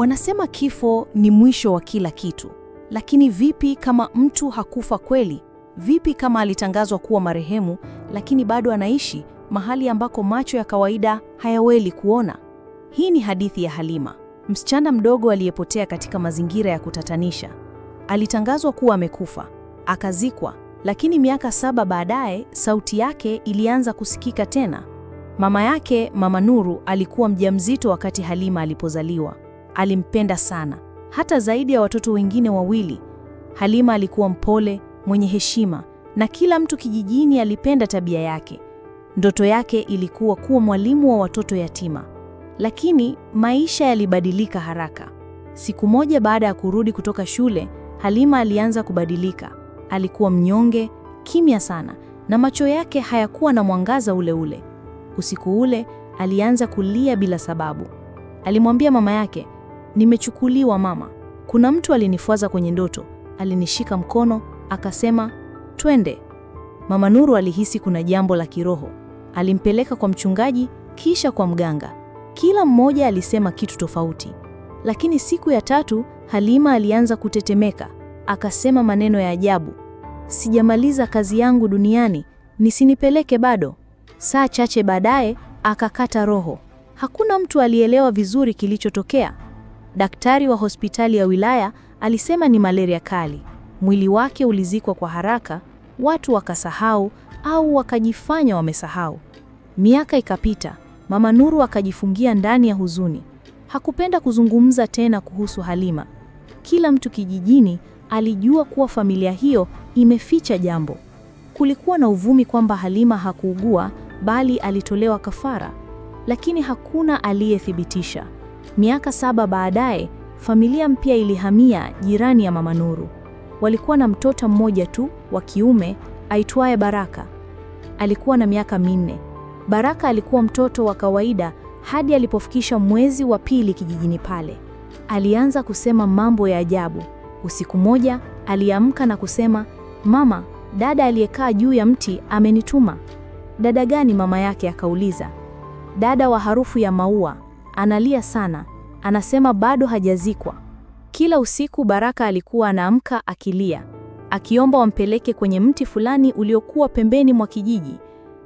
Wanasema kifo ni mwisho wa kila kitu, lakini vipi kama mtu hakufa kweli? Vipi kama alitangazwa kuwa marehemu, lakini bado anaishi mahali ambako macho ya kawaida hayaweli kuona? Hii ni hadithi ya Halima, msichana mdogo aliyepotea katika mazingira ya kutatanisha. Alitangazwa kuwa amekufa, akazikwa, lakini miaka saba baadaye sauti yake ilianza kusikika tena. Mama yake, Mama Nuru, alikuwa mjamzito wakati Halima alipozaliwa alimpenda sana, hata zaidi ya watoto wengine wawili. Halima alikuwa mpole, mwenye heshima na kila mtu kijijini alipenda tabia yake. Ndoto yake ilikuwa kuwa mwalimu wa watoto yatima. Lakini maisha yalibadilika haraka. Siku moja baada ya kurudi kutoka shule, Halima alianza kubadilika. Alikuwa mnyonge, kimya sana na macho yake hayakuwa na mwangaza ule ule. Usiku ule alianza kulia bila sababu. Alimwambia mama yake, Nimechukuliwa mama, kuna mtu alinifuaza kwenye ndoto, alinishika mkono akasema twende. Mama Nuru alihisi kuna jambo la kiroho. Alimpeleka kwa mchungaji, kisha kwa mganga. Kila mmoja alisema kitu tofauti, lakini siku ya tatu Halima alianza kutetemeka, akasema maneno ya ajabu: sijamaliza kazi yangu duniani, nisinipeleke bado. Saa chache baadaye akakata roho. Hakuna mtu alielewa vizuri kilichotokea. Daktari wa hospitali ya wilaya alisema ni malaria kali. Mwili wake ulizikwa kwa haraka, watu wakasahau au wakajifanya wamesahau. Miaka ikapita, Mama Nuru akajifungia ndani ya huzuni. Hakupenda kuzungumza tena kuhusu Halima. Kila mtu kijijini alijua kuwa familia hiyo imeficha jambo. Kulikuwa na uvumi kwamba Halima hakuugua bali alitolewa kafara, lakini hakuna aliyethibitisha. Miaka saba baadaye, familia mpya ilihamia jirani ya Mama Nuru. Walikuwa na mtoto mmoja tu wa kiume aitwaye Baraka. Alikuwa na miaka minne. Baraka alikuwa mtoto wa kawaida hadi alipofikisha mwezi wa pili kijijini pale. Alianza kusema mambo ya ajabu. Usiku moja aliamka na kusema, "Mama, dada aliyekaa juu ya mti amenituma." "Dada gani?" mama yake akauliza. "Dada wa harufu ya maua." Analia sana, anasema bado hajazikwa. Kila usiku Baraka alikuwa anaamka akilia, akiomba wampeleke kwenye mti fulani uliokuwa pembeni mwa kijiji.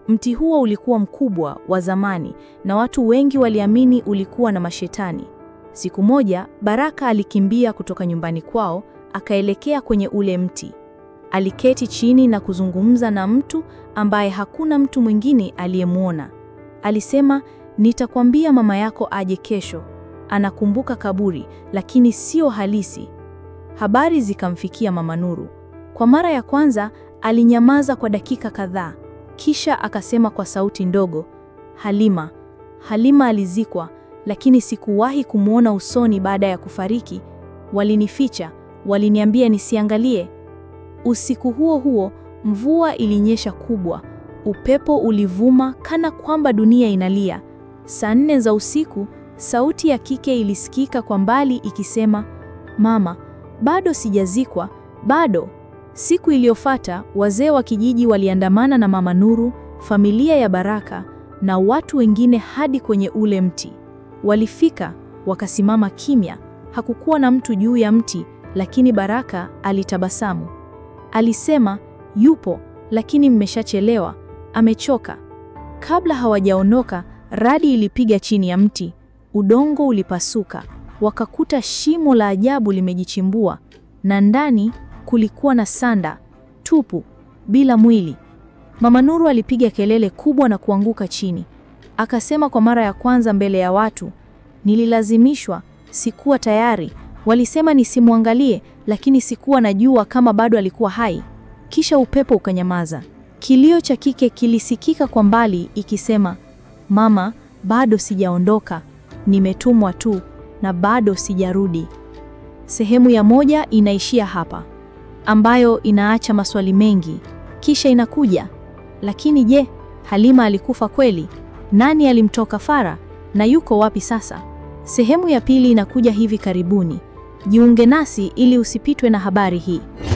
Mti huo ulikuwa mkubwa wa zamani na watu wengi waliamini ulikuwa na mashetani. Siku moja Baraka alikimbia kutoka nyumbani kwao akaelekea kwenye ule mti. Aliketi chini na kuzungumza na mtu ambaye hakuna mtu mwingine aliyemwona. Alisema, Nitakwambia mama yako aje kesho. Anakumbuka kaburi lakini sio halisi. Habari zikamfikia Mama Nuru. Kwa mara ya kwanza alinyamaza kwa dakika kadhaa, kisha akasema kwa sauti ndogo, Halima. Halima alizikwa, lakini sikuwahi kumwona usoni baada ya kufariki. Walinificha, waliniambia nisiangalie. Usiku huo huo mvua ilinyesha kubwa, upepo ulivuma kana kwamba dunia inalia. Saa nne za usiku, sauti ya kike ilisikika kwa mbali ikisema, mama, bado sijazikwa, bado. Siku iliyofuata wazee wa kijiji waliandamana na mama Nuru, familia ya Baraka na watu wengine hadi kwenye ule mti. Walifika, wakasimama kimya. Hakukuwa na mtu juu ya mti, lakini Baraka alitabasamu. Alisema, yupo, lakini mmeshachelewa, amechoka. Kabla hawajaondoka, Radi ilipiga chini ya mti, udongo ulipasuka, wakakuta shimo la ajabu limejichimbua, na ndani kulikuwa na sanda tupu, bila mwili. Mama Nuru alipiga kelele kubwa na kuanguka chini. Akasema kwa mara ya kwanza mbele ya watu, nililazimishwa, sikuwa tayari. Walisema nisimwangalie, lakini sikuwa najua kama bado alikuwa hai. Kisha upepo ukanyamaza. Kilio cha kike kilisikika kwa mbali ikisema Mama, bado sijaondoka, nimetumwa tu na bado sijarudi. Sehemu ya moja inaishia hapa, ambayo inaacha maswali mengi. Kisha inakuja lakini, je, Halima alikufa kweli? Nani alimtoka fara na yuko wapi sasa? Sehemu ya pili inakuja hivi karibuni. Jiunge nasi ili usipitwe na habari hii.